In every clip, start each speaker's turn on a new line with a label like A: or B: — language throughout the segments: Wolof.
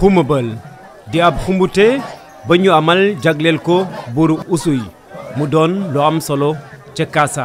A: xumabal di ab xumbute ba ñu amal jagleel ko buuru usuy mu doon lu am solo ca kaasa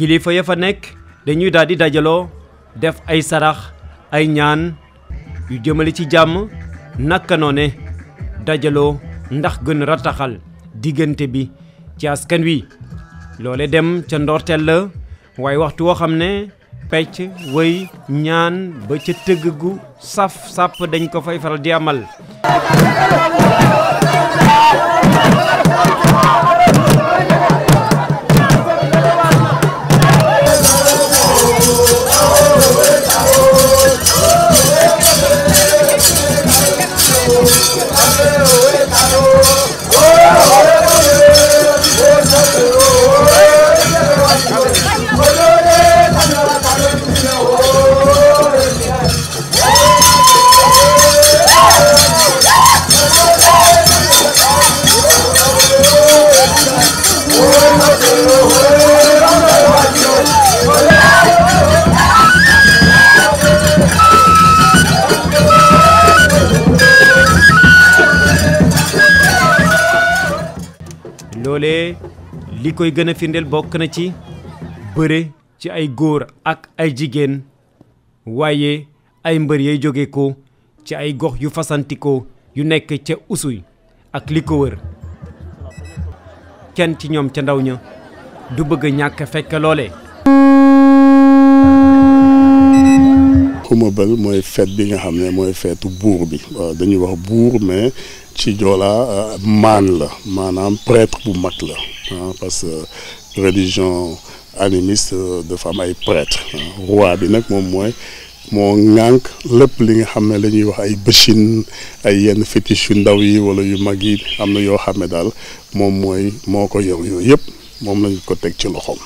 A: kilifa ya fa nek dañuy daal di def ay sarax ay ñaan yu jëmele ci jamm naka noné dajalo ndax gën rataxal digënté bi ci askan wi lolé dem ci ndortel la way waxtu wo xamné pecc wey ñaan ba ci teggu saf sap dañ ko fay faral di amal li koy gën a firndeel bokk na ci bëre ci ay góor ak ay jigéen waaye ay mbër yay jóge ko ci ay gox yu fasantikoo yu nekk ca usuy ak li ko wër kenn ci ñoom ca ndaw ña du bëgg a ñàkk fekk loole
B: xumabal mooy feet bi nga xam ne mooy feetu buur bi waaw dañuy wax buur mais ci Joola euh, man, la maanaam prêtre bu mag la hein, parce que religion animiste euh, de am prêtre hein. roi bi nag moi, mooy moo ŋànk lépp li nga xam ne la ñuy wax ay bëchin ay yenn fétiche yu ndaw yi wala yu magi, yi yo, na yoo xam ne daal moom ko yo yooyu yëpp moom lañ ko tek ci loxoom.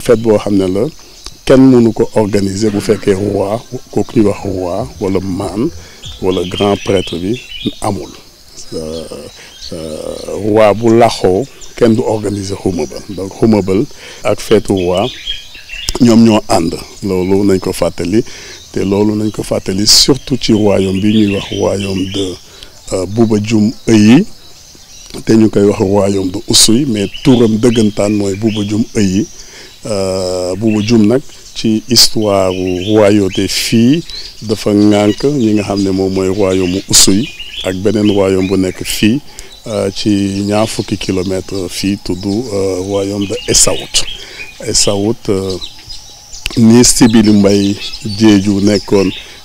B: fête boo xam la kenn mënu ko organiser bu que roi kooku ñuy roi wala man, wala grand prêtre bi amul euh, euh, roi bu laxoo kenn du organiser donc ak roi ñoo loolu nañ ko loolu surtout ci royaume bi royaume de Jum euh, Ëyi te ñu royaume de mais touram dëggantaan Jum bu mu jum nag ci histoire royauté fii dafa ŋànk ñi nga xam ne moom mooy royaume mu Oussouye ak beneen royaume bu nekk fii euh, ci ñaar fukki kilomètre fii tudd euh, royaume de Essaout Essaout euh, ni Sibili Mbay Jeeju nekkoon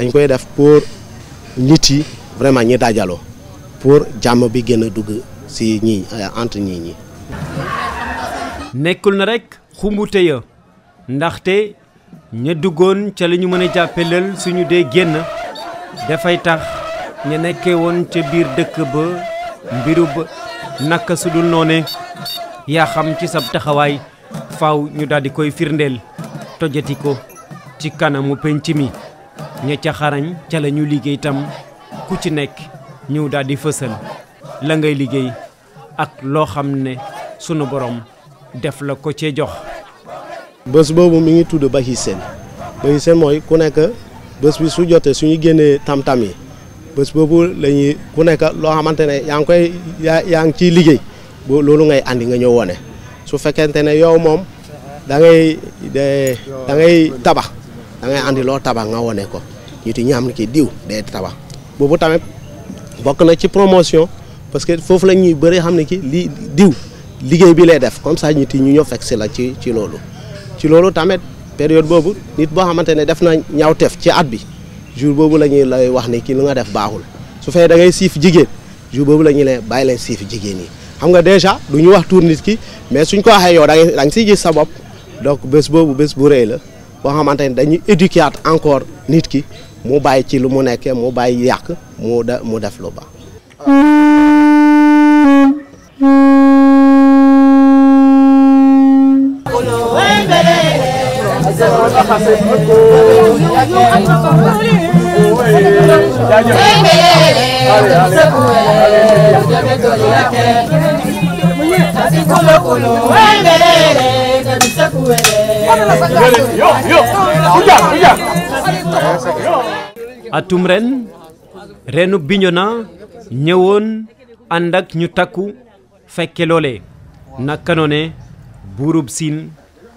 C: dañ koy def pour nit yi vraiment ñi dajaloo pour jàmm bi gën dugg si ñii entre ñii ñi
A: nekkul na rek xumbute ya ndaxte ña duggoon ca li ñu mën a jàppelal suñu dee génn dafay tax ña nekkee woon ca biir dëkk ba mbirub naka sudul noone yaa xam ci sab taxawaay faaw ñu daal koy firndeel tojati ci kanamu penc mi ña ca xarañ ca la liggéey tam ku ci nekk ñëw daal di fësal la ngay liggéey ak loo xam ne sunu borom def la ko cee jox.
C: bés boobu mu ngi tudd Bahi Sène Bahi Sène mooy ku nekk bés bi su jotee su ñu génnee tam-tam yi bés boobu la ku nekk loo xamante ne yaa ngi koy yaa yaa ngi ciy liggéey boo loolu ngay àndi nga ñëw wone su fekkente ne yow moom da ngay da ngay tabax da àndi loo tabax nga wone ko. ñu ñiiti ñu xam ne kii diw day tabax boobu tamit bokk na ci promotion parce que foofu la ñuy bëri xam ne ki lii diw liggéey bi lay def comme ça ñiiti ñu ñëw fekk si la ci ci loolu ci loolu tamit période boobu nit boo xamante ne def na ñaawteef ci at bi jour boobu la ñuy lay wax ni ki lu nga def baaxul su fekkee da ngay siif jigéen jour boobu la ñuy lay bàyyi leen siif jigéen yi xam nga déjà du ñu wax tuur nit ki mais suñ ko waxee yow da ngay da nga siy gis sa bopp donc bés boobu bés bu rëy la boo xamante ne dañuy éduquer encore nit ki mu bàyyi ci lu mu nekkee mu bàyyi yàq mu da mu def lu baax.
D: Yo, yo,
E: yo,
B: yo.
A: atum ren reenu Bignona ñëwoon ànd ak ñu takku fekke loole naka noone buurub siin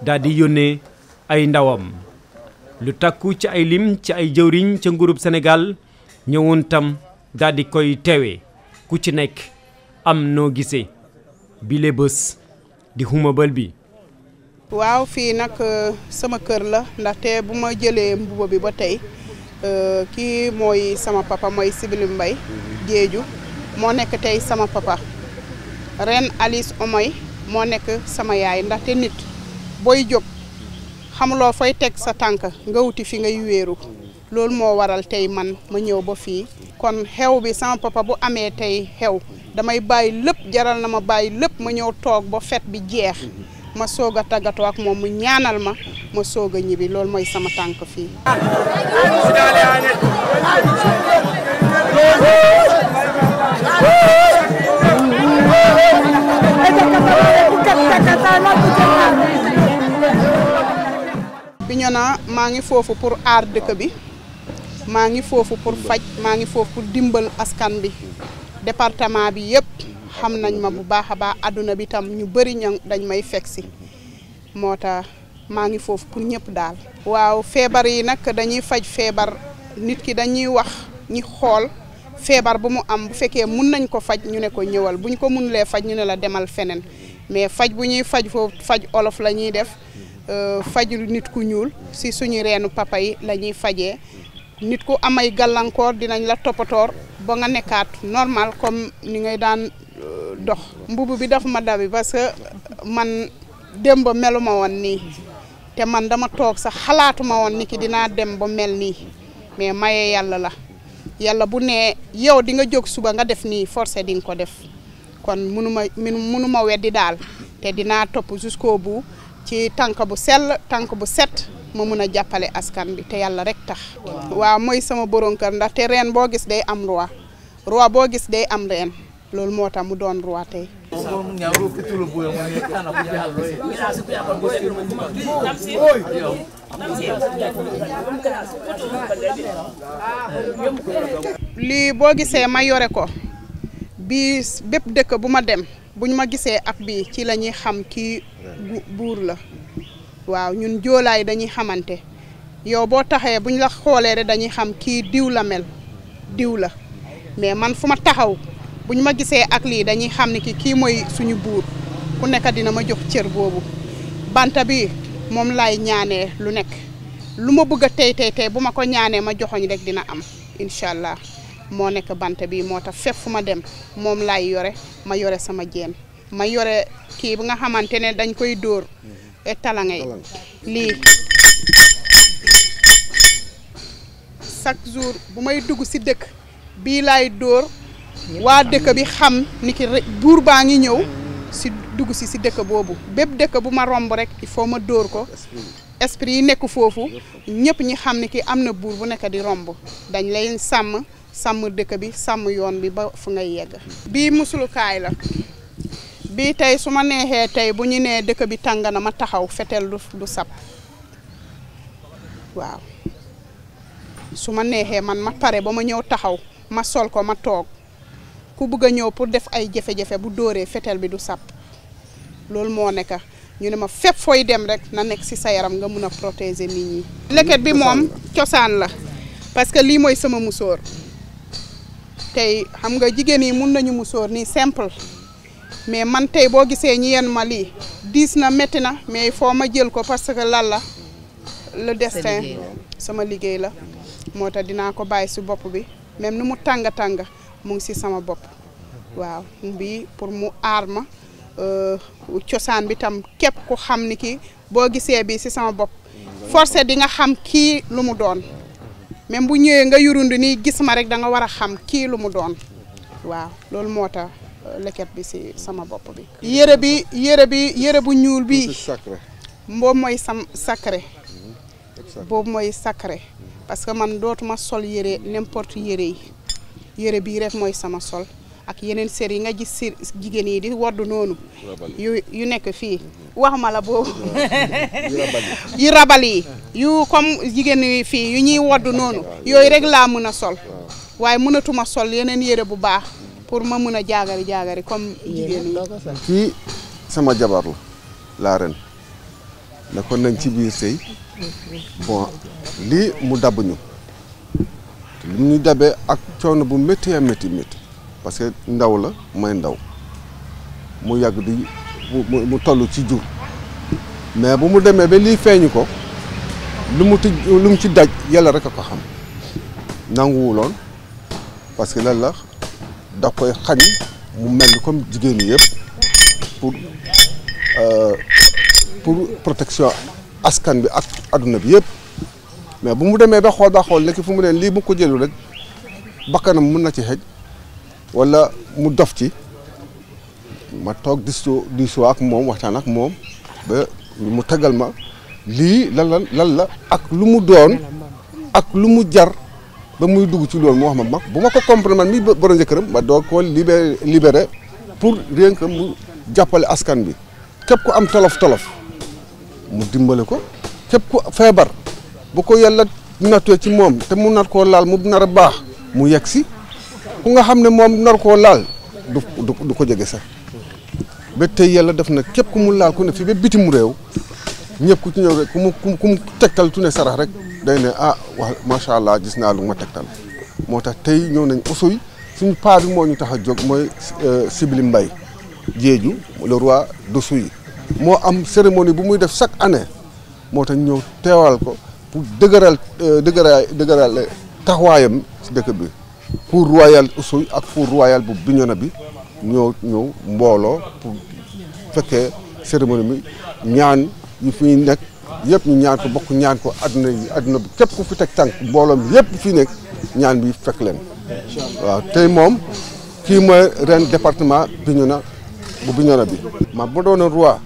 A: daldi yónnee ay ndawam lu takku ci ay lim ci ay jëwriñ ca nguurub senegal ñëwoon tam daldi koy teewe ku ci nekk am noo gisee bile bés di xumabal bi
F: waaw fii nag euh, sama kër la ndaxte bu ma jëlee mbuba bi ba tey Euh, kii mooy sama papa mooy Sibili Mbay mhm. Géeju moo nekk tey sama papa ren alis Omoy moo nekk sama yaay ndaxte nit booy jóg xamuloo fooy teg sa tànk nga wuti fi ngay wéeru loolu moo waral tey man ma ñëw ba fii kon xew bi sama papa bu amee tey xew damay bàyyi lépp jaral na ma bàyyi lépp ma ñëw toog ba fet bi jeex mhm. ma soga tagato ak mom mu ñaanal ma ma soga ñibi lool moy sama tank fi Bignona maa ngi foofu pour art dëkk bi maa ngi pour faj maa ngi pour dimbal askan bi département bi yëpp xam nañ ma bu baaxa ba aduna bi tam ñu bari ñang dañ may fexi si ma ngi fofu pour ñepp dal waaw febar yi nak dañuy faj febar nit ki dañuy wax ñi xol febar bu mu am bu fekke mën nañ ko faj ñu ne ko ñewal buñ ko le faj ñu ne la demal fenen. mais faj bu ñuy faj foofu faj olof la ñuy def euh, faju nit ku ñuul si suñu reenu papa yi la ñuy nit ku amay gàllankoor dinañ la topator ba nga nekkat normal comme ni ngay daan dox mbubb bi daf ma dabi parce que man dem ba melu ma woon nii te man dama toog sax xalaatuma woon ni ki dinaa dem ba mel nii mais maye yàlla la yàlla bu nee yow di nga jóg suba nga def nii forcé di nga ko def kon munuma munuma weddi daal te dinaa topp jusqu'au bu ci tànk bu sell tànk bu set ma mun a jàppale askan bi te yàlla rek tax waa mooy sama borom kër ndaxte reen boo gis day am roi roi boo gis day am reen loolu motam mu don roi li bo gisé ma yoré ko bi bép dëkk bu ma dem buñ ma gisee ak bi ci lañuy xam ki bour la waaw ñun jolaay dañuy xamanté yow bo taxé buñ la xoolee dañuy xam ki diw la mel diw la mais man fuma taxaw bu ñu ma gisee ak lii dañuy xam ne ki kii mooy suñu buur ku nekk dina ma jox cër boobu banta bi moom laay ñaanee lu nekk lu ma bëgg a tey tey tey bu ma ko ñaanee ma joxoñ rek dina am incha allah moo nekk bant bii moo tax fépp fu ma dem moom laay yore ma yore sama jéem ma yore kii bi nga xamante ne dañ koy dóor mm-hmm. e talanga yi lii chaque jour bu may dugg si dëkk bii laay dóor waa dëkk bi xam ni ki buur baa ngi ñëw si dugg si si dëkk boobu bépp dëkk bu ma romb rek il ma dóor ko esprit yi nekk foofu ñëpp ñi xam ne ki am na buur bu nekk di romb dañ lay sàmm sàmm dëkk bi sàmm yoon bi ba fu nga yegg bii musulukaay la bii tey su ma neexee tey bu ñu nee dëkk bi tàng na ma taxaw fetel du du sab waaw su ma neexee man ma pare ba ma ñëw taxaw ma sol ko ma toog ku bëgg a ñëw pour def ay jafe-jafe bu dóoree fetel bi du sàpp loolu moo nekka ñu ne ma fépp fooy dem rek na nekk si sa yaram nga mun a protéger nit ñi. leket bi moom cosaan la parce que lii mooy sama musóor tey xam nga jigéen yi mun nañu musóor nii simple mais man tey boo gisee ñi yenn ma lii diis na métti na mais foo ma jël ko parce que lan la le destin sama liggéey la moo tax dinaa ko bàyyi si bopp bi même nu mu tàng tànga mung si sama bop waaw mbi pour mu aar ma euh, cosaan bi tam kep ku xam ki boo gisee bi si sama bop forcé di nga xam kii lu mu doon même bu ñëwee nga yurundu nii gis ma rek da nga war xam kii lu doon waaw euh, leket bi si sama bop bi yere bi yere bi yere bu ñuul bi boobu mooy sam sacré mm-hmm. boobu mooy sacré parce que man dootuma sol yere, n'importe yere. yi yére bii rek mooy sama sol ak yeneen sér yi nga gis si jigéen yi di woddu noonu yu nekk fii waxuma la boobu yi rabal yi yu comme jigéen fii yu ñuy woddu noonu yooyu rek laa mën a sol waaye mënatuma sol yeneen yére bu baax pour ma mën a jaagari jaagari comme jigéen yi
G: kii sama jabar la laa ren nekkoon nañ ci biir sëy bon lii mu dabb li mu dabee ak coono bu méttee métti métti parce que ndaw la mooy ndaw mu yàgg di mu toll ci jur mais bu mu demee ba lii feeñu ko lu mu tij lu mu ci daj yàlla rek a ko xam nanguwuloon parce que lan la da koy xañ mu mel ni comme jigéen ñi yëpp pour euh, pour protection askan bi ak àdduna bi yëpp mais bu mu demee ba xool ba xool nekk fu mu ne lii bu ko jëlu rek bakkanam mun na ci xëj wala mu dof ci ma toog diisoo diisoo ak moom waxtaan ak moom ba mu taggal ma lii lan la la ak lu mu doon ak lu mu jar ba muy dugg ci loolu moo xam ma bu ma ko comprendre mi borom jëkkëram ma doog koo libéré libéré pour rien mu jàppale askan bi képp ku am tolof tolof mu dimbale ko képp ku feebar bu ko yàlla nattoo ci moom te mu nar koo laal mu nar a baax mu yegg si ku nga xam ne moom nar koo laal du du ko jege sax ba tey yàlla def na képp ku mu laal ku ne fi ba bitim réew ñëpp ku ci ñëw rek ku mu ku mu tegtal tu ne sarax rek day ne ah wax macha allah gis naa lu ma tegtal moo tax tey ñëw nañ Oussouye suñu paa bi moo ñu tax a jóg mooy euh, Sibili Mbaye Diédhiou le du d'Oussouye moo am cérémonie bu muy def chaque année moo tax ñëw teewal ko pour dëgëral euh, dëgëral dëgëral taxawaayam si dëkk bi cour royale Oussouye ak cour royale bu Bignona bi ñoo ñëw mbooloo pour fekkee cérémonie bi ñaan yi fi nekk yëpp ñu ñaan ko bokk ñaan ko àdduna yi àdduna bi képp ku fi teg tànk mbooloom yëpp fi nekk ñaan bi fekk leen
C: waaw te moom
G: kii mooy ren département Bignona bu Bignona bi ma ba doona roi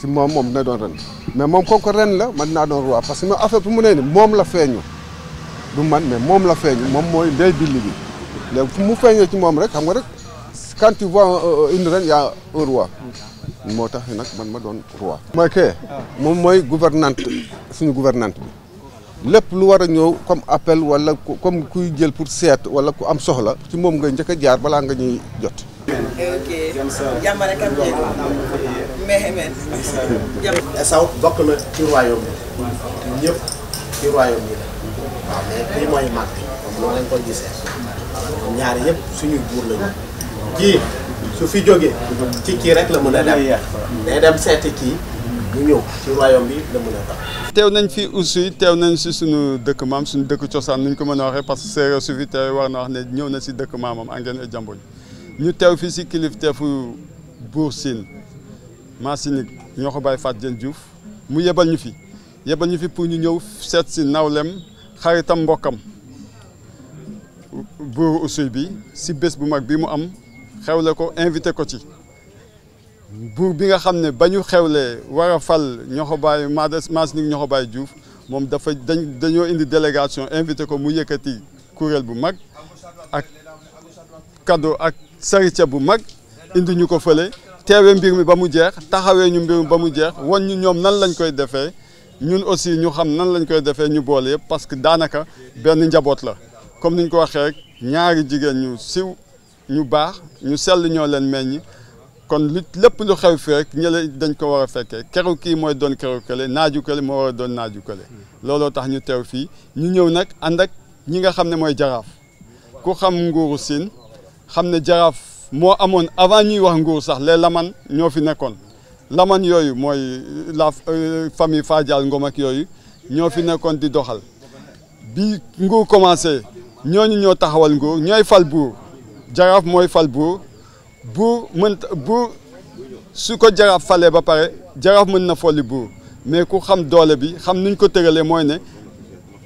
G: si moom moom dina doon ren mais moom comme que ren la man dinaa doon roi parce que ma affaire bu mu nee ni moom la feeñu du man mais moom la feeñu moom mooy ndey billi bi fu mu feeñee ci moom rek xam nga rek quand tu vois euh, une reine a un roi moo tax nag man ma doon roi mooy kay moom mooy gouvernante suñu gouvernante bi lépp lu war a ñëw comme appel wala comme kuy jël pour seet wala ku am soxla ci moom nga njëkk a jaar balaa nga ñuy jot
H: xemeen
C: Esaw bokk na ci royaume bi ñëpp ci royaume bi kii mooy màgg comme lañ koy gisee ñaar yëpp suñu buur lañu kii su fi jógee ci kii rek la mën a dem day dem seeti kii mu ñëw ci royaume bi la mën a tax
E: teew nañ fi aussi teew nañ si suñu dëkk maam suñu dëkk cosaan nuñ ko mën a waxee parce que séeréer su fi teew war na wax ne ñëw na si dëkk maamam angeen e jàmboñ ñu teew fi si kilifteefu buur siin Massinig ñoo ko bàyyi Fat Dieng Diouf mu yebal ñu fi yebal ñu fi pour ñu ñëw seet si nawlem xaritam mbokkam buuru Oussouye bi si bés bu mag bi mu am xewle ko invité ko ci buur bi nga xam ne ba ñu xewlee war a fal ñoo ko bàyyi Massinig ñoo ko bàyyi Diouf moom dafa dañ dañoo indi délégation invité ko mu yëkkati kuréel bu mag ak cadeau ak sarica bu mag indi ñu ko fële teewee mbir mi ba mu jeex taxawee ñu mbir mi ba mu jeex wan ñu ñoom nan lañ koy defee ñun aussi ñu xam nan lañ koy defee ñu boole yëpp parce que daanaka benn njaboot la comme ni ñu ko waxee rek ñaari jigéen ñu siw ñu baax ñu sell ñoo leen meññ kon lu lépp lu xew fii rek ñële dañ ko war a fekkee keru kii mooy doon keru kële naaju kële moo war doon naaju kële looloo tax ñu teew fii ñu ñëw nag ànd ak ñi nga xam ne mooy jaraaf ku xam nguuru siin xam ne jaraaf moo amoon avant ñuy wax nguur sax les laman ñoo fi nekkoon laman yooyu mooy la euh, famille Fadial Ngom yooyu ñoo fi nekkoon di doxal bi nguur commencé ñooñu ñoo taxawal nguur ñooy fal buur jaraaf mooy fal buur buur mën buur su ko jaraaf falee ba pare jaraaf mën na folli buur mais ku xam doole bi xam niñ ko tëralee mooy ne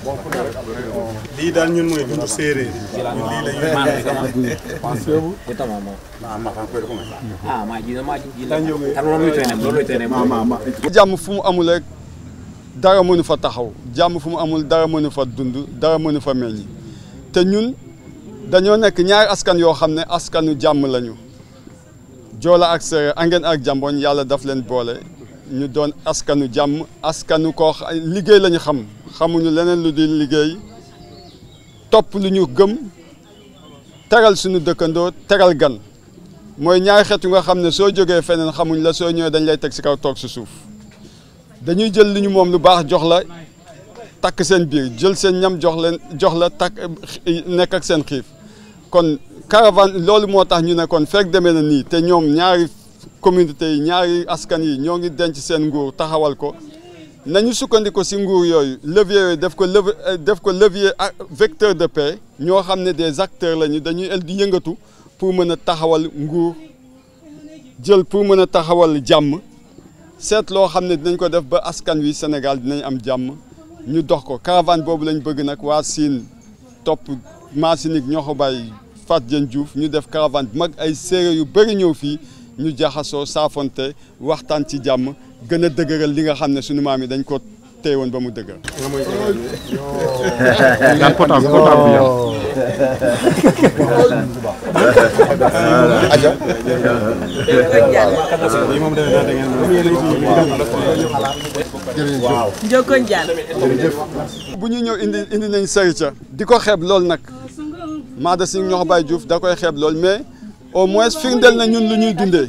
D: lii daal ñun
E: jàmm fu mu amul rek dara mënu fa taxaw jàmm fu mu amul dara mënu fa dund dara mënu fa meññ te ñun dañoo nekk ñaari askan yoo xam ne askanu jàmm lañu joola ak séeréer angeen ak jàmboon yàlla daf leen boole ñu doon askanu jàmm askanu koo liggéey lañu xam xamuñu leneen lu di liggéey topp lu ñu gëm teral suñu dëkkandoo teral gan mooy ñaari xeet yu nga xam ne soo jógee feneen xamuñ la soo ñëwee dañ lay teg si kaw toog si suuf dañuy jël li ñu moom lu baax jox la takk seen biir jël seen ñam jox leen jox la takk nekk ak seen xiif kon caravane loolu moo tax ñu ne kon fekk demee na nii te ñoom ñaari communité yi ñaari askan yi ñoo ngi denc seen nguur taxawal ko nañu sukkandiku si nguur yooyu levier yooyu def ko levier def ko levier vecteur de paix ñoo xam ne des acteurs lañu dañuy di yëngatu pour mën a taxawal nguur jël pour mën a taxawal jàmm seet loo xam ne dinañ ko def ba askan wi Sénégal dinañ am jàmm ñu dox ko caravane boobu lañu bëgg nag waa Sine topp Massinig Niokhobaye Fass Dieng Diouf ñu def caravane mag ay séeréer yu bëri ñëw fii ñu jaxasoo saafonte waxtaan ci jàmm gën a dëgëral li nga xam ne suñu maam yi dañ ko téye woon ba mu dëgër. bu ñuy ñëw indi indi nañ sarica di ko xeeb lool nag Maada Sy Niokh Baye Diouf da koy xeeb lool mais au moins firndeel na ñun lu ñuy dundee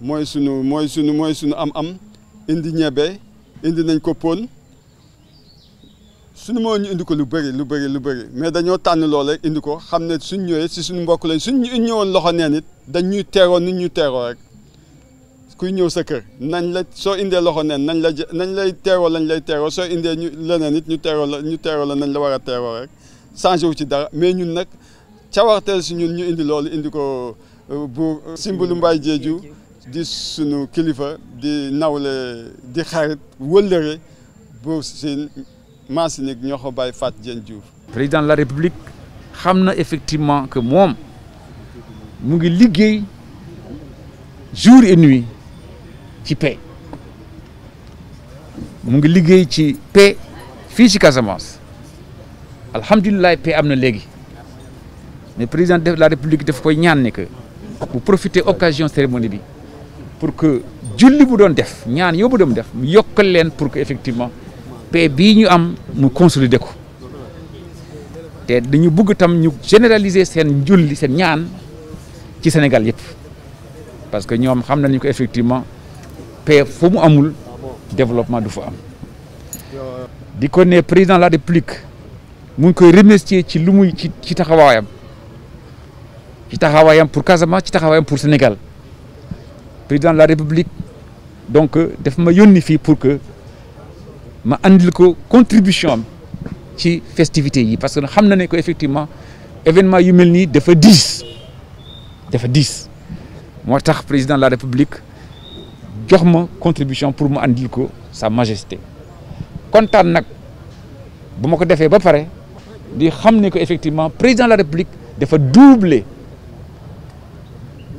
E: mooy sunu mooy sunu mooy sunu am-am indi ñebe indi nañ ko pon suñu moo ñu indi ko lu bëri lu bëri lu bëri mais dañoo tànn loolu rek indi ko xam ne suñ ñëwee si suñu mbokk lañ suñ ñëwoon loxo neen it dañ ñuy teeroo ni ñuy rek kuy ñëw sa nañ la soo indee loxo neen nañ la nañ lay teeroo lañ lay teeroo soo indee ñu leneen it ñu teeroo la ñu teeroo nañ la war a teeroo rek changé wu ci dara mais ñun nag cawarteel si ñun ñu indi lool indi ko euh, bu euh, Simbulu mbaay Diédhiou di sunu kilifa di nawle di xarit wëllëre bo si Masinick ñoxo bay fat Dieng Diouf
I: président de la république xamna effectivement que mom mu ngi liggé jour et nuit ci paix mu ngi liggé ci paix fi ci Casamance alhamdoulillah paix amna légui mais président de la république daf koy ñaan ne que bu profiter occasion cérémonie bi pour que julli bu def ñaan yo def pour que effectivement paix am nous consolider ko te généraliser ces julli seen Sénégal parce que nous xam effectivement paix amul développement du fa am. di est président de la république mu koy remercier ci lu muy ci ci pour pour Sénégal président de la république donc euh, daf ma pour que je andil ko contribution à la festivité. parce que nous savons que l'événement effectivement événement yu de nii dafa 10. dafa président de la république jox une contribution pour que andil sa majesté Quand je bu ma ko que ba pare di président de la république dafa doubler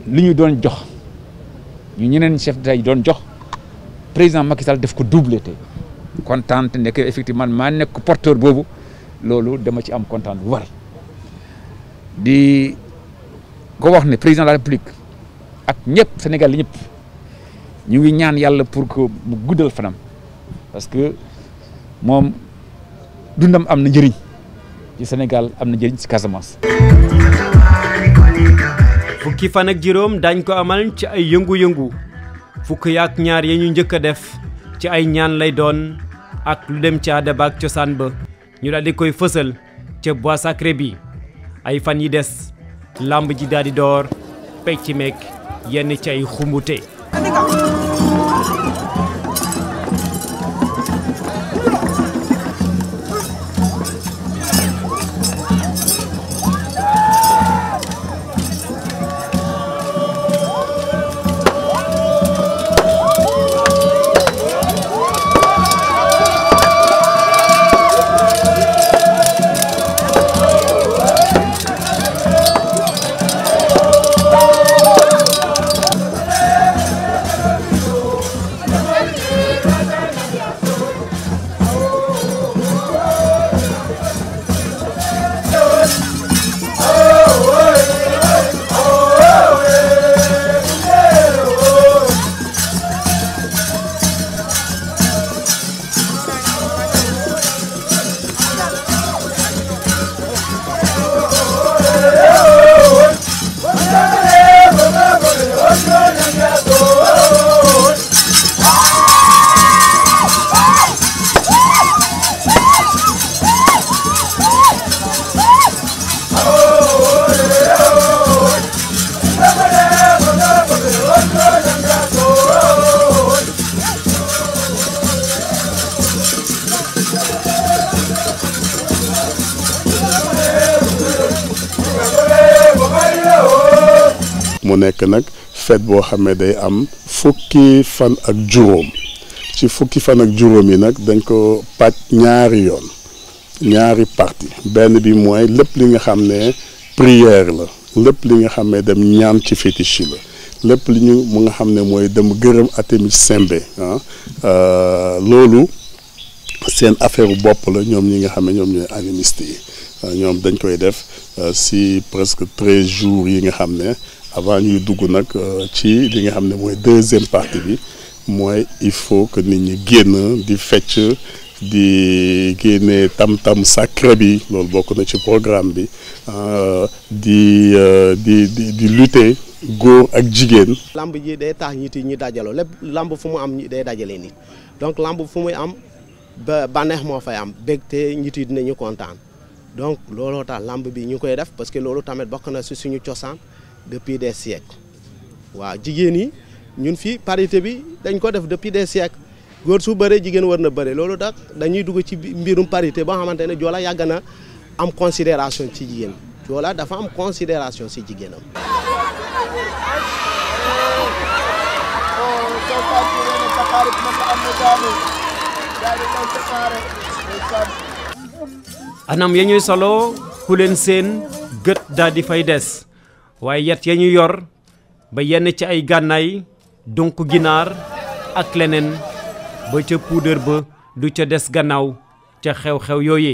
I: l'union nous ñu ñeneen chef de yi doon jox président Macky def ko doublé tey kontaan te nekk effectivement maa nekk porteur boobu loolu dama ci am kontaan bu war di ko wax ne président de la république ak ñëpp Sénégal li ñëpp ñu ngi ñaan yàlla pour ko mu guddal fanam parce que moom dundam am na njëriñ
A: ci Sénégal am na njëriñ si Casamance. fukki fan ak juróom dañ ko amal ci ay yëngu-yëngu fukk yaak ñaar ya ñu njëkk a def ci ay ñaan lay doon ak lu dem ci aada ba ak cosaan ba ñu daal di koy fësal ca bois sacré bi ay fan yi des làmb ji daal door pecc meek yenn ci ay xumbute
B: mu nekk nag fête boo xam ne day am fukki fan ak juróom ci fukki fan ak juróom yi nag dañ ko pàcc ñaari yoon ñaari parti benn bi mooy lépp li nga xam ne prière la lépp li nga xam ne dem ñaan ci fétiche la lépp li ñu mu nga xam ne mooy dem gërëm Artémis Sembé ah euh, loolu seen affaire bopp la ñoom ñi nga xam ne ñoom ñooy animiste yi euh, ñoom dañ koy def euh, si presque treize jours yi nga xam ne avant ñuy dugg nag euh, ci li nga xam ne mooy deuxième partie bi mooy il faut que nit ñi génn di fecc di génne tam-tam sacré bi loolu bokk na ci programme bi euh, di euh, di di di lutter góor ak jigéen.
C: lamb ji day tax nit ñi dajaloo lépp lamb fu mu am ñi day dajale nit donc lamb fu muy am ba bànneex moo fay am bég te nit yi dinañu kontaan donc looloo tax lamb bi ñu koy def parce que loolu tamit bokk na si suñu cosaan. depuis des siècles wa jigen yi ñun fi parité bi dañ ko def depuis des siècles góor su bëree jigen war na bëre loolu tax dañuy dugg ci mbirum parité ba xamantene jola yagana am considération ci jigen jola dafa am considération si jigéenam
A: anam ya solo ku leen seen gët di fay dess waaye yet ya ñu yor ba yenn ci ay gànnaay donc ginaar ak leneen ba ca puudar ba du ca des gannaaw ca xew-xew yooye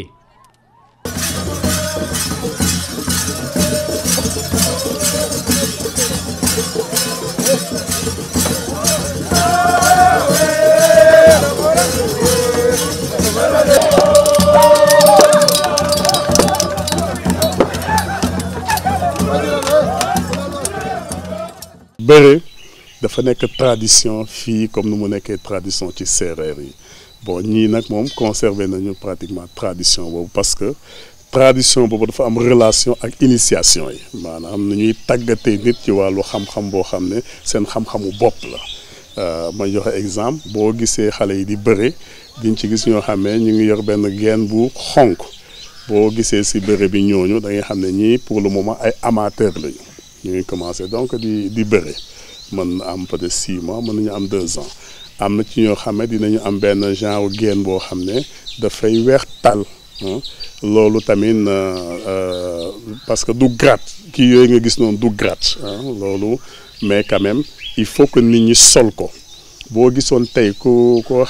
B: bëre dafa nekk tradition fii comme nu mu nekkee tradition ci séeréer yi bon ñii nag moom conservé nañu pratiquement tradition boobu parce que tradition boobu dafa am relation ak initiation yi maanaam nu ñuy tàggatee nit ci wàllu xam-xam boo xam ne seen xam-xamu bopp la euh, ma joxe exemple boo gisee xale yi di bëre diñ ci gis ñoo xam ñu ngi yor benn geen bu xonk boo gisee si bëre bi ñooñu da ngay xam ne ñii pour le moment ay amateur lañu nous commencé donc di di bëre mën am peut six mois mën nañu am deux ans am na ci ñoo xam dinañu am genre génn boo xam ne hein. tal euh, euh, parce que du gratte hein, mais quand même il faut que nous ñi sol ko boo gisoon tey ku koo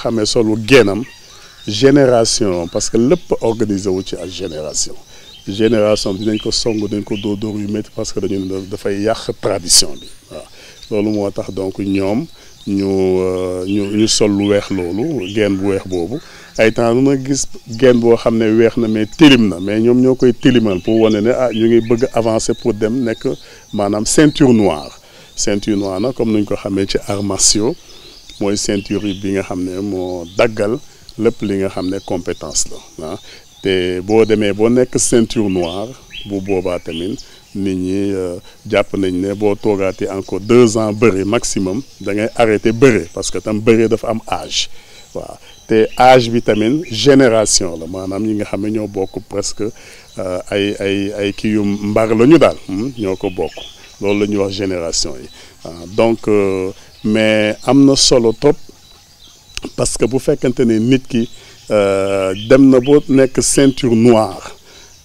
B: génération parce que lépp organisé wu ci génération génération bi dinañ ko song dañ ko dóor yu métti parce que dañu ne dafay yàq tradition bi lolu loolu tax donc ñom ñu euh, ñu ñu sol lu weex loolu geen bu ay temps gis geen bo xamné wex na mais tilim na mais ñom ñoo tilimal pour wane ne ah ñu ngi bëgg avancer pour dem nek manam ceinture noire ceinture noire na comme nuñ ko xamé ci arts martiaux ceinture bi nga xamné mo daggal lepp li nga xamné compétence la ah té bo demee bo nek ceinture noire bu boba tamit nit ñi euh, japp nañ né bo togaati encore 2 ans bëre maximum da ngay arrêter bëre parce que tam bëre dafa am âge wa té âge bi tamit génération la manam ñi nga xamé ne ñoo bokk presque euh, ay ay ay kii yu mbar lañu dal ñoko hmm, ñoo bokk loolu lañu wax génération yi donc euh, mais amna solo top parce que bu fekkante ne nit ki. Euh, dem na boo nek ceinture noire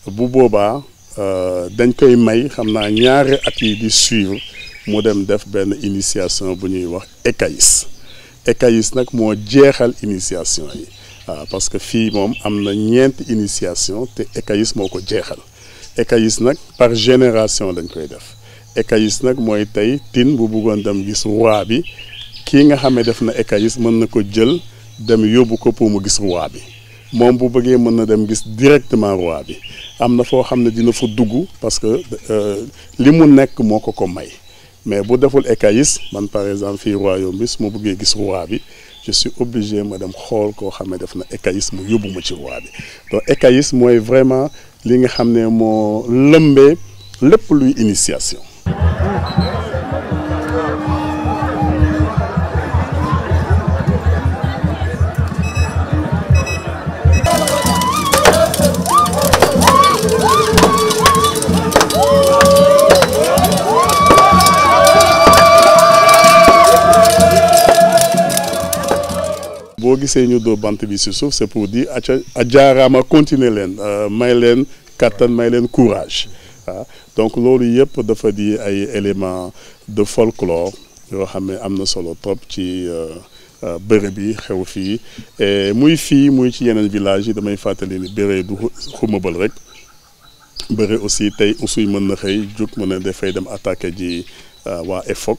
B: bu euh dañ koy may xamna naa ñaari at yi di suivre mu dem def ben initiation bu ñuy wax ECAIS ECAIS nak mo jéxal initiation yi ah, parce que fi mom amna ñent initiation te ECAIS moko jéxal jeexal nak par génération dañ koy def Ekaïs nak moy tay tin bu bëggon dem gis roi bi ki nga xamé def na ECAIS mën nako jël dem yóbbu ko pour mu gis roi bi moom bu bëggee mën na dem gis directement roi bi am na foo xam ne dina fa dugg parce que euh, li mu nekk moo ko ko may mais bu deful ECAIS man par exemple fii royaume bi su ma bëggee gis roi bi je suis obligé ma dem xool koo xam ne def na ECAIS mu yóbbu ma ci roi bi donc ECAIS mooy vraiment li nga xam ne moo lëmbee lépp luy initiation. boo gisee ñu dóor bant bi suuf c'est pour dire a jaaraama continuer leen euh, may leen kattan may leen courage donc loolu yëpp dafa di ay éléments de folklore yoo xam ne am na solo trop ci béré euh, euh, bi xew fii muy fii muy ci yeneen village yi damay fàttali ni béré du xumabal rek béré aussi tey usuy mën na xëy jug mu ne dem attaqué ji waa EFOC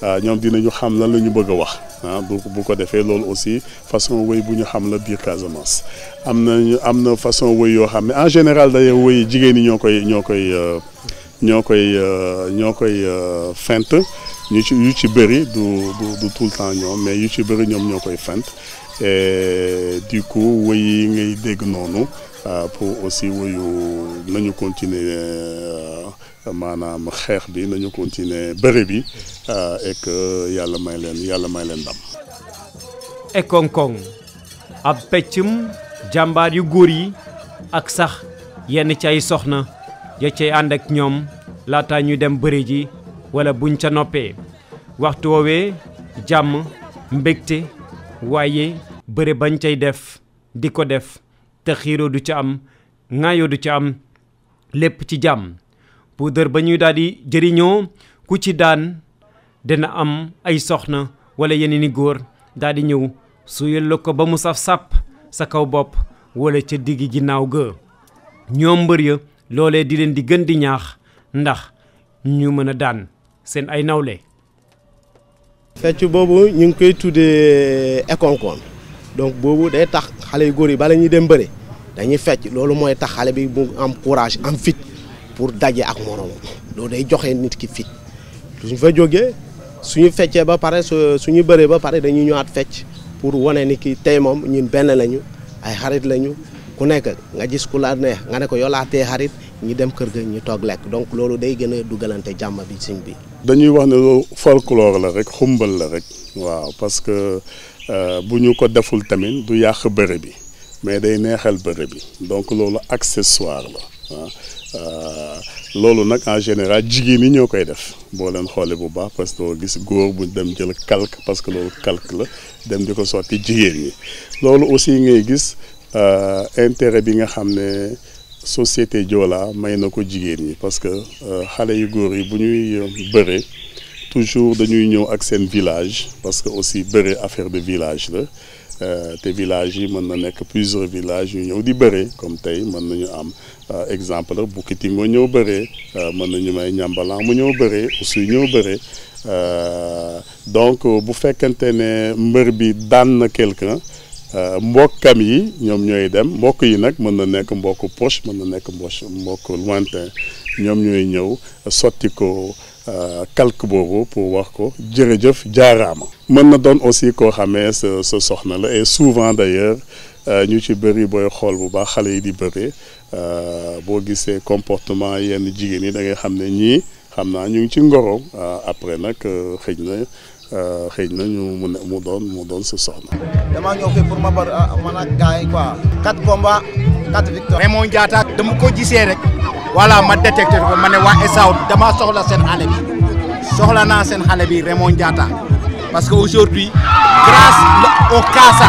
B: Ah, ñoom dinañu xam lan la ñu bëgg a wax ah, bu bu ko defee loolu aussi façon wéy bu ñu xam la biir Casamance am nañu am na façon wéy yoo xam ne en général day wéy jigéen ñi ñoo koy ñoo koy euh, ñoo koy euh, ñoo koy euh, fent ñu ci yu ci bëri du du du tout le temps ñoom mais yu ci bëri ñoom ñoo koy fent et du coup wéy yi ngay dégg noonu ah, pour aussi wéyu nañu continuer. maanaam xeex bi nañu continuer bëre bi euh, et que yàlla may leen yàlla may
A: ab peccum jàmbaar yu góor yi ak sax yenn ci ay soxna ya cay ànd ak ñoom laata ñu dem bëre ji wala buñ ca noppee waxtu woowee jàmm mbégte waaye bëre bañ cay def di ko def te xiiroo du ca am ŋaayoo du ca am lépp ci jàmm. puudar ba ñuy daal di jëriñoo ku ci daan dina am ay soxna wala yeneen i góor daal di ñëw su la ko ba mu saf sàpp sa kaw bopp wala ca digg ginnaaw ga ñoom mbër ya loolee di leen di gën di ñaax ndax ñu mën a daan seen ay nawle.
C: fecc boobu ñu ngi koy tuddee ekonkoon donc boobu day tax xale yu góor yi bala ñuy dem bëre dañuy fecc loolu mooy tax xale bi mu am courage am fit pour daje ak moroom loolu day joxe nit ki fit suñ fa jógee suñu feccee ba pare suñu bëree ba pare dañuy ñëwaat fecc pour wane ni ki tey moom ñun benn lañu ay xarit lañu ku nekk nga gis ku la neex nga ne ko yow laa xarit ñi dem kër ga ñu toog lekk donc loolu day gën a dugalante jàmm bi siñ bi.
B: dañuy wax ne loolu folklore la rek xumbal la rek waaw parce que euh, bu ñu ko deful tamit du yàq bëre bi mais day neexal bëre bi donc loolu accessoire la ah. Euh, loolu nag en général jigéen ñi ñoo koy def boo leen xoolee bu baax parce que gis góor bu dem jël calque parce que loolu calque la dem di ko sotti jigéen ñi loolu aussi ngay gis euh, intérêt bi nga xam ne société Joola may na ko jigéen ñi parce que euh, xale yu góor yi bu ñuy bëre toujours dañuy ñëw ak seen village parce que aussi bëre affaire de village la te village yi mën na nekk plusieurs villages yu ñëw di bëre comme tey mën nañu am Euh, exemple la Bukiti nga ñëw bëree euh, mën may ñambalan mu euh, donc bu fekkente ne mbër bi dan na quelqu'un mbokkam yi ñom ñoy dem mbok yi nak mën na nekk mbokk proche mën na lointain ko pour wax ko aussi ko xamé et souvent d'ailleurs euh, ñu ci bëri booy xool bu baax xale yi di bëree euh, boo gisee comportement yenn jigéen yi da ngay xam ne ñii xam naa ñu ngi ci ngoro euh, après nag xëy na xëy na ñu mu mu doon mu doon sa soxna.
C: dama ñëw fii pour ma bëri ah, man ak gars yi quoi. quatre combats quatre victoires. Raymond Diatta dama ko gisee rek. voilà ma détecté ko ma ne waa Esau damaa soxla seen xale bi soxla naa seen xale bi Raymond Diatta parce que aujourd'hui grâce au Casa.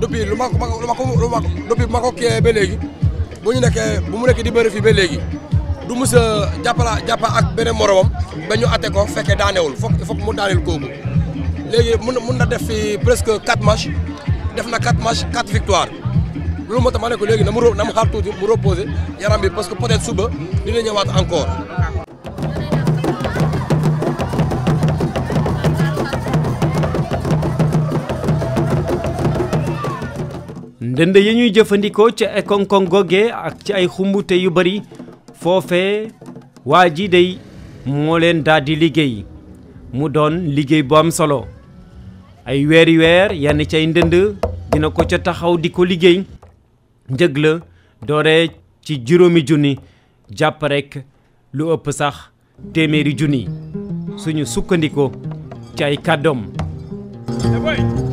H: depuis lu ma lu ma ko lu ma depuis ma ko kee ba léegi bu bu mu nekk di bëri fii ba léegi du mës a jàppala ak beneen moromam ba ñu atte ko fekkee daanewul foog foog mu daaneel kooku léegi mun na def fi presque quatre matchs def na quatre matchs quatre victoires loolu moo tax ma ne ko léegi na mu na mu xaar tuuti mu reposer yaram bi parce que peut-être suba dina ñëwaat encore
A: ndënd yi ñuy jëfandikoo ci ay koŋ ak ci ay xumbute yu bari foofe waa ji day moo leen daldi liggéey mu doon liggéey bu am solo ay weeri weer yenn cay ndënd dina ko ca taxaw di ko liggéey njëg la doore ci juróomi junni jàpp rekk lu ëpp sax téeméeri junni suñu sukkandiko ci ay kàddoom eh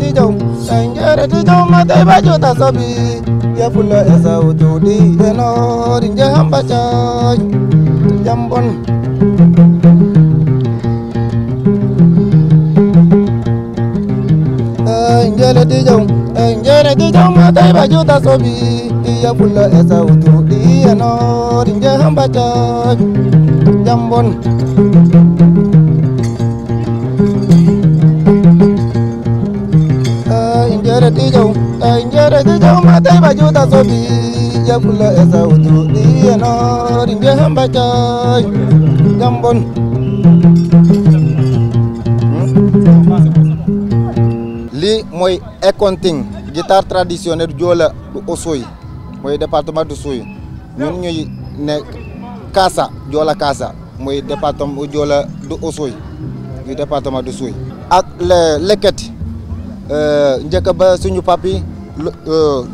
J: tijom sanjere tijom mate bajo tasabi ya fula esa utudi eno rinja hamba chay jambon sanjere tijom sanjere tijom mate bajo tasabi ya fula esa utudi eno rinja hamba chay jambon li moy accounting, guitare traditionnelle jola du osoy moy département du soy ñun ñuy ne casa jola kasa moy département jola du osoy du département du soy ak le leket Euh, njëkk ba suñu papi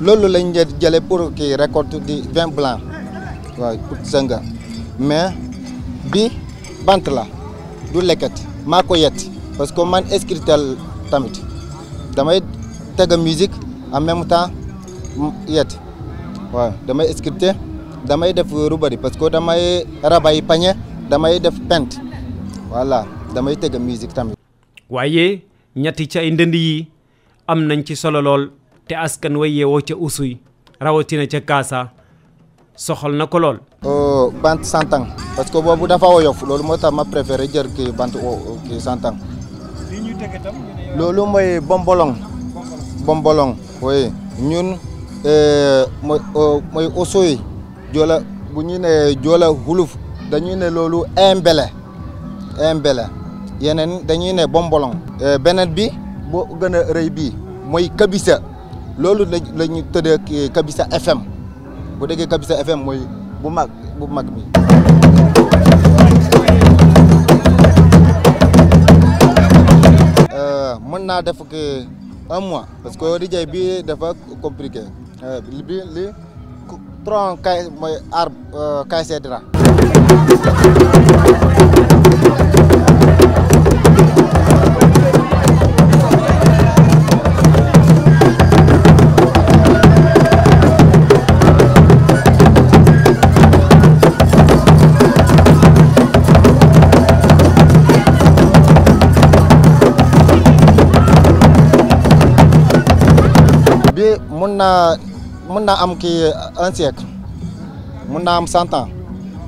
J: lolu euh, lañ jëlé pour ki récolte di 20. blanc wa pour sanga mais bi bant la du lekkat mako yett parce que man escritel tamit damay tega musique en même temps yett wa damay sculpter damay def rubari parce que damay rabay pagne damay def peinte voilà damay tega musique tamit
A: waaye ñetti ca ndënd yi am nañ ci solo lool te askan way yeewoo ca usuy rawatina ca kaasa soxal na ko lool.
J: Euh, bant santang parce que boobu dafa woyof loolu moo tax ma préféré jël kii bant kii santang. loolu mooy bombolong. bombolong oui ñun euh, mooy euh, mooy usuy joola bu ñu nee joola huluf dañuy ne loolu imbele imbele yeneen dañuy ne bombolong. beneen bi. boo gën a rëy bii mooy Kabisa loolu la la ñu tëddee Kabisa FM bu déggee Kabisa FM mooy bu mag bu mag bi.
G: Euh, mën naa def
J: que un mois parce que rijay bi dafa compliqué euh, li bi li
A: tronc kay mooy arbre euh, kaysedra
J: muna am ki un siècle muna am 100 ans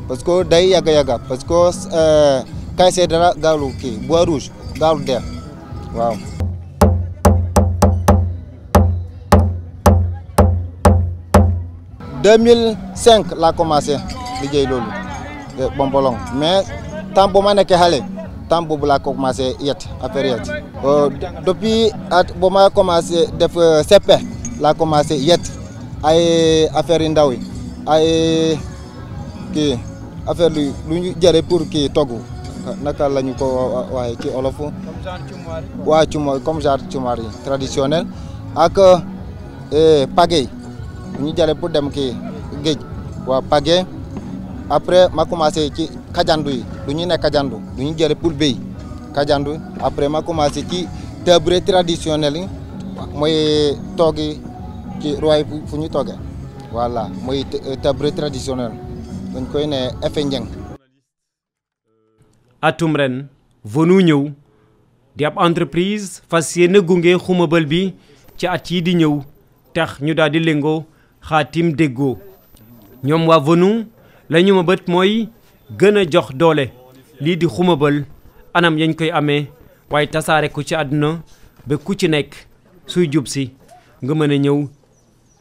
J: parce que day yaga yaga parce que euh, kay sé dara galu bois rouge galu der waaw En 2005, j'ai commencé à travailler avec Bombolon. Mais tant que je suis allé, tant que j'ai commencé à faire. Euh, depuis que j'ai commencé à faire CP, laa commencé yet ay affaire yu ndaw yi ay kii affaire lu lu ñu jëlee pour kii togu naka lañu ko waaye ci olof. waa cumaar comme genre cumaar yi traditionnel ak e, pagay lu ñu jëlee pour dem kii géej waa pagay après ma commencé ci kajandu yi lu ñuy ne kajandu lu ñu jëlee pour béy kajandu après ma commencé ci tëbre traditionnel yi mooy togg kii fu ñu toogee voilà mooy euh, tabre dañ koy ne effet njëng
A: atum ren venu ñëw di ab entreprise fas yéene gunge xumabal bi ci at yi di ñëw tax ñu daal di léngoo xaatim déggoo ñoom waa venu la ñu ma bët mooy gën a jox doole lii di xumabal anam yañ koy amee waaye tasaare ko ci àdduna ba ku ci nekk suy jub si nga mën a ñëw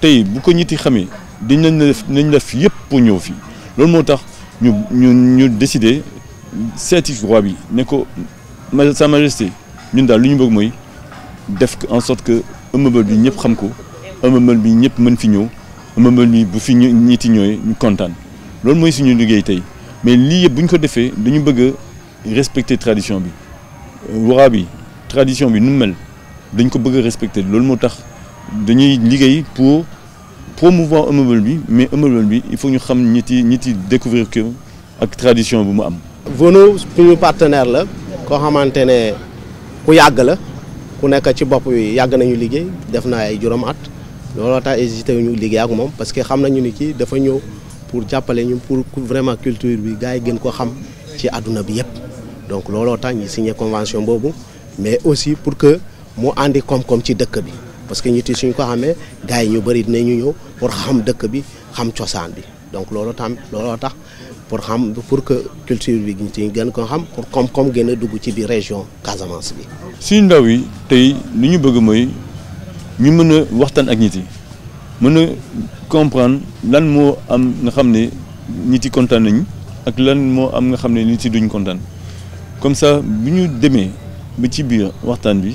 D: tey bu ko ñitti xamee dinañ la def dinañ def yëpp pour ñëw fii loolu moo ñu ñu ñu décider seeti roi bi ne ko sa majesté ñun daal lu ñu bëgg moy def en sorte que immeuble bi ñëpp xam ko immeuble bi ñëpp mën fi ñëw immeuble bi bu fi ñitti ñooy ñu contane lool moy suñu liggéey tey mais li yëpp buñ ko défé dañu bëgg respecter tradition bi roi bi tradition bi nu mel dañ ko bëgg respecter lool motax tax dañuy liggéey pour promouvoir immeuble bi mais immeuble bi il faut ñu xam ñi découvrir que ak tradition bu mu am. Vono suñu partenaire
C: la ko xamantene ku yàgg la ku nekk ci bopp bi yàgg nañu liggéey def ay juróom at looloo tax parce que xam ni dafa pour jàppale ñu pour vraiment culture bi gars yi gën ko xam ci donc looloo tax ñu signé convention mais aussi pour que mu en koom-koom ci parce que ñitti suñ ko xamé gaay ñu bari dinañu ñëw pour xam dëkk bi xam cosaan bi donc loolu tam looloo tax pour xam pour que culture bi ñu gën ko xam pour comme koom gën
D: dugg ci bi région Casamance bi. si ndaw yi tay li ñu bëgg mooy ñu mëna waxtan ak nit yi mën comprendre lan mo am nga xam ni nit yi kontaan nañ ak lan mo am nga xam ni nit yi duñ kontaan comme ça bu ñu demee ba ci biir waxtaan bi.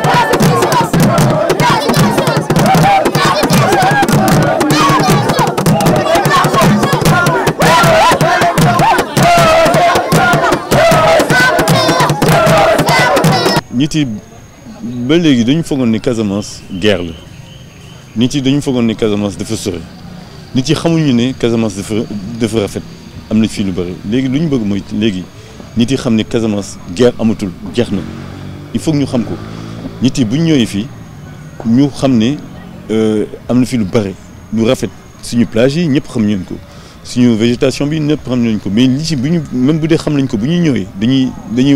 D: nit ba nous dañu foogoon Casamance guerre la nit yi dañu que Casamance dafa sore de xamuñu ne Casamance dafa dafa rafet am na lu que guerre amatul il faut ñu nous ko que nous sommes ñu ñu xam ne euh, lu suñu plage yi ñëpp xam ñooñu ko suñu végétation bi ñëpp xam nañ ko mais si ci même bu dee xam de ko bu ñuy dañuy dañuy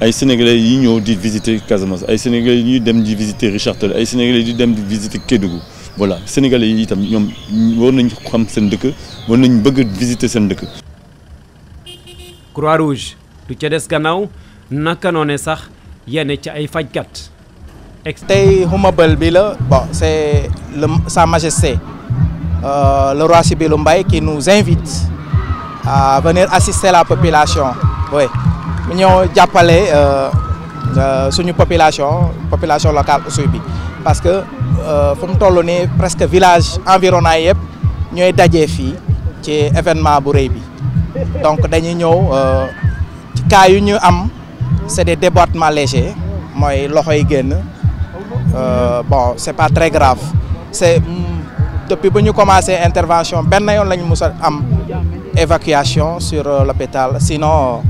D: ay sénégalais yi ñëw di visiter Casamance ay sénégalais yi ñuy dem di visiter Richard Tell. ay sénégalais yi dem di visiter Kédougou voilà sénégalais yi itam ñoom war nañ xam seen dëkk war nañ bëgg visiter seen dëkk.
A: Croix-Rouge du ca des gannaaw naka noone sax yenn ci ay fajkat. tey Humabel
H: bi bon c' le Sa Majesté euh, le roi Sibélou Mbaye qui nous invite à venir assister la population oui. Nous avons parlé euh, euh, suñu population population locale aussi parce que nous sommes presque presque village environnant yëpp ñooy dajee fii ci événement bu rëy bi donc dañuy ñëw euh, cas yu c'est des débordements légers mais n'est bon c'est pas très grave c'est mm, depuis nous avons commencé l'intervention, nous avons eu mus sur l'hôpital sinon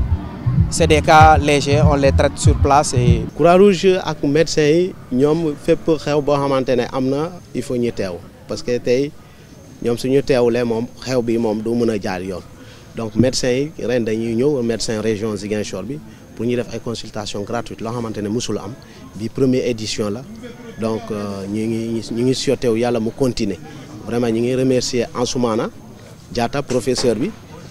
H: c'est des cas légers on les traite sur place et. Croix-Rouge ak médecins yi ñoom fépp xew
C: boo xamante ne il faut ñu teew parce que tey ñoom suñu teewulee moom xew bi moom du mën a jaar yoon donc médecins yi dañuy ñëw médecin région Ziguinchor bi pour ñu def ay consultation gratuite loo xamante ne musul am bi première édition Là. donc euh, ñu ngi ñu ngi sotteew yàlla continuer vraiment nous ngi remercier Ansoumana Diatta professeur bi.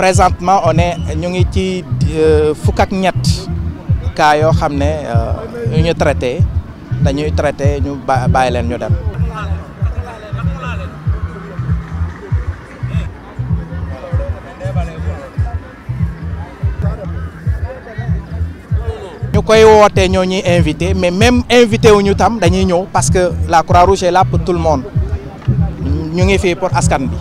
H: présentement on est ñu ngi ci euh, fukk ak ñett cas yoo xam ne euh, ñu traité dañuy traité ñu bàyyi len ñu dem. ñu koy ñoo ñi invité mais même invité wu ñu tam dañuy ñëw parce que la Croix-Rouge est là pour tout le monde ñu ngi fi pour askan bi.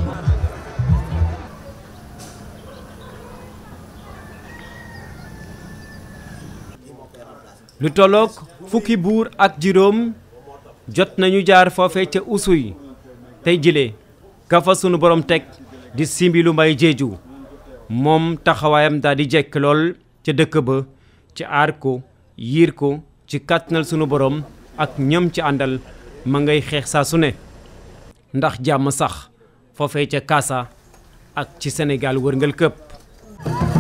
A: lu tollook fukki buur ak juróom jot nañu jaar foofe ca usuy tey jile ka sunu borom teg di simbi lu mbay jeeju moom taxawaayam daal di jekk lool ca dëkk ba ci aar ko yiir ko ci kàttanal sunu borom ak ñam ci àndal ma ngay xeex saa su ndax jàmm sax foofee ca Kaasa ak ci Sénégal wërngal këpp